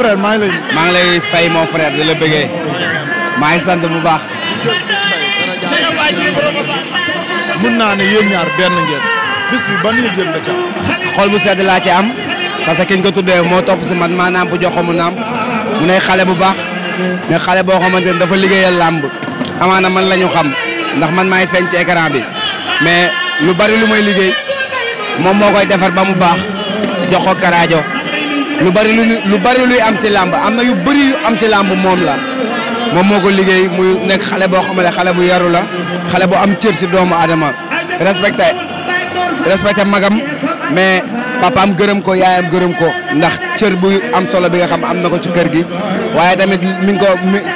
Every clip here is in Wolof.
frère maa ngi lay. maa ngi lay fay mon frère di la bëggee. maa ngi sant bu baax. mun naa ne yéen ñaar benn ngeen. bis mu ban sedd laa ci am. parce que kiñ ko tuddee moo topp si man maanaam bu jox ko mu naam. mu ne xale bu baax. ne xale boo xamante ne dafa liggéeyal làmb. amaana man lañu ñu xam. ndax man maay feeñ ci écran bi. mais lu bari lu may liggéey. moom moo koy defar ba mu baax. jox ko karaajo. lu bari lu bari luy am ci làmb am na yu bëri yu am ci làmb moom la moom moo ko liggéey muy nekk xale boo xam ne xale bu yaru la xale bu am cër ci doomu aadama respecté respecté magam mais papaam gërëm ko yaayam gërëm ko ndax cër bu am solo bi nga xam am na ko ci kër gi waaye tamit mi ngi ko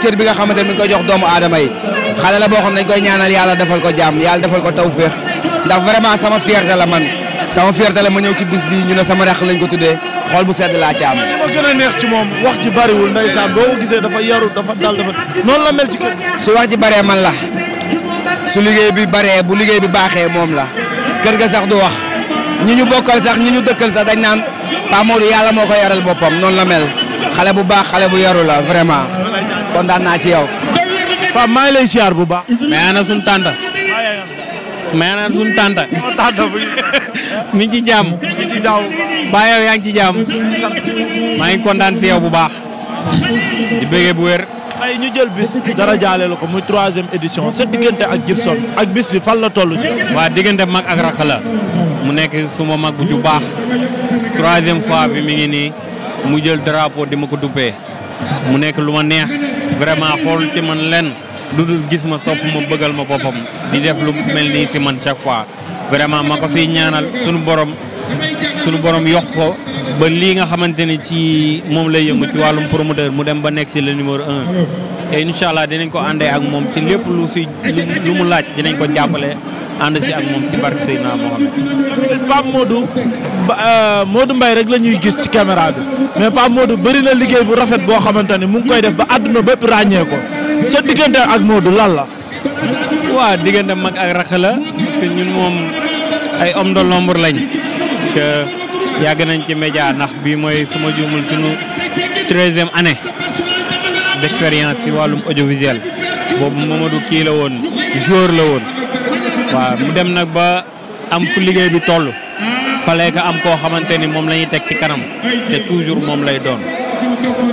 cër bi nga xamante mi ngi koy jox doomu aadama yi xale la boo xam dañ koy ñaanal la defal ko jàmm yàlla defal ko taw féex ndax vraiment sama fierté la man sama fierté ma ñëw ci bis bi ñu ne sama raq lañ ko tuddee xool bu sedd laa ci am. ma gën ci moom wax ji bariwul ndeysaan boo ko gisee dafa yaru dafa dal dafa noonu la mel ci kër su wax ji baree man la su liggéey bi baree bu liggéey bi baaxee moom la kër ga sax du wax ñi ñu bokkal sax ñi ñu dëkkal sax dañ naan Pa Modou yàlla moo ko yaral boppam noonu la mel xale bu baax xale bu yaru la vraiment kontaan naa ci yow. Pa maa ngi lay siyaar bu baax. mais ana suñu tànta. may naan suñu tànta. mi ngi ci jàmm. mi ngi ci jàmm. baa yow yaa ngi ci jàmm. maa ngi kontaan si yow bu baax. di bëggee bu wér. tey ñu jël bis dara jaale la ko muy troisième édition sa diggante ak Gibson ak bis bi fan la toll ci. waa diggante mag ak rakk mu nekk suma mag bu ju baax troisième fois bi mi ngi nii mu jël drapeau di ma ko duppee mu nekk lu ma neex vraiment xool ci man lenn. lu dul gis ma sopp ma bëggal ma boppam di def lu mel nii si man chaque fois vraiment ma ko siy ñaanal sunu borom sunu borom yokk ko ba lii nga xamante ne ci moom lay yëngu ci wàllum promoteur mu dem ba nekk si le numéro un te incha allah dinañ ko àndee ak moom te lépp lu si lu mu laaj dinañ ko jàppale ànd si ak moom ci barke Seydina Mohamed. Pape Modou euh, Modou mbay rek la ñuy gis ci caméra bi mais Pape Modou bëri na liggéey bu rafet boo xamante ne mu ngi koy def ba àdduna bépp ràññee ko. sa diggante ak du lal la. waaw diggante mag ak rakk la parce ñun moom ay homme de l'ombre lañ parce yàgg nañ ci média ndax bii mooy suma juumul suñu treizième année d'expérience si wàllum audiovisuel boobu Mamadou kii la woon joueur la woon waaw mu dem nag ba am fu liggéey bi toll falee ka am koo xamante ni moom lañuy teg ci kanam te toujours moom lay doon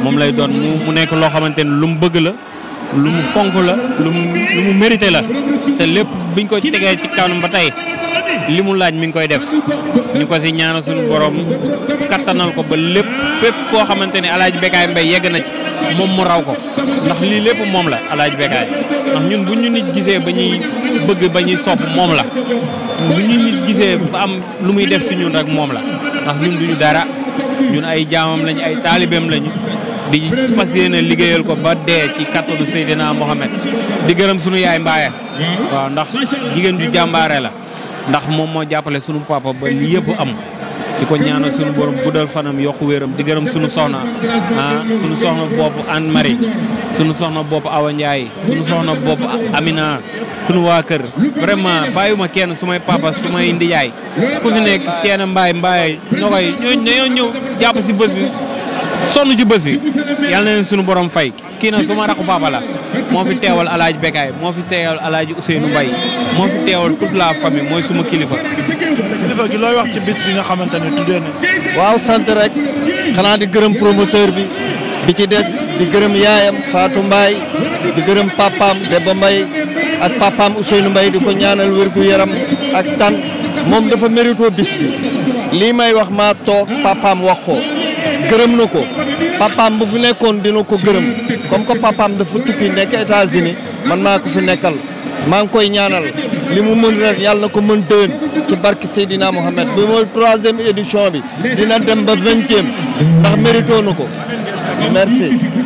moom lay doon mu nekk loo xamante ni lu mu bëgg la lu mu fonk la lu mu lu mu mérité la te lépp biñ ko tegee ci kanam ba tey li mu laaj mi ngi koy def ñu ko si ñaanal suñu borom kattanal ko ba lépp fépp foo xamante ne El Hadj Bécaye yegg na ci moom mu raw ko ndax lii lépp moom la El Hadj ndax ñun bu ñu nit gisee ba ñuy bëgg ba ñuy sopp moom la bu ñu nit gisee ba am lu muy def si ñun rek moom la ndax ñun duñu dara ñun ay jaamam lañ ay taalibeem lañu. di fas yéene liggéeyal ko ba dee ci kattanu Seydina Mohamed di gërëm sunu yaay Mbaye waaw ndax jigéen ju jàmbaare la ndax moom moo jàppale sunu papa ba li yëpp am di ko ñaanal sunu borom guddal fanam yokku wéeram di gërëm sunu soxna ah sunu soxna bopp Anne Marie sunu soxna bopp Awa Ndiaye sunu soxna bopp Amina sunu waa kër vraiment bàyyiwuma kenn sumay papa sumay ndiyaay ku fi nekk kenn mbaay mbaay ñoo koy ñoo ñëw jàpp si bés bi sonn ci bés yi yal na leen suñu borom fay kii nag ma rakku papa la moo fi teewal alaaji Bekaay moo fi teewal alaaji Ousseynou mbay moo fi teewal toute la famille mooy suma kilifa. kilifa looy wax ci bis bi nga xamante ne tuddee na. waaw sant rek xanaa di gërëm promoteur bi bi ci des di gërëm yaayam faatu Mbaye di gërëm papaam Demba Mbaye ak papaam Ousseynou mbay di ko ñaanal wérgu yaram ak tan moom dafa mérito bis bi lii may wax ma toog papaam wax ko gërëm na ko papaam bu fi nekkoon dina ko gërëm comme que papaam dafa tukki nekk États-Unis man maa ko fi nekkal maa ngi koy ñaanal li mu mën ren yàlla na ko mën déwén ci barke Seydina Mohamed bi mooy troisième édition bi dina dem ba vingtième ndax mérito na ko merci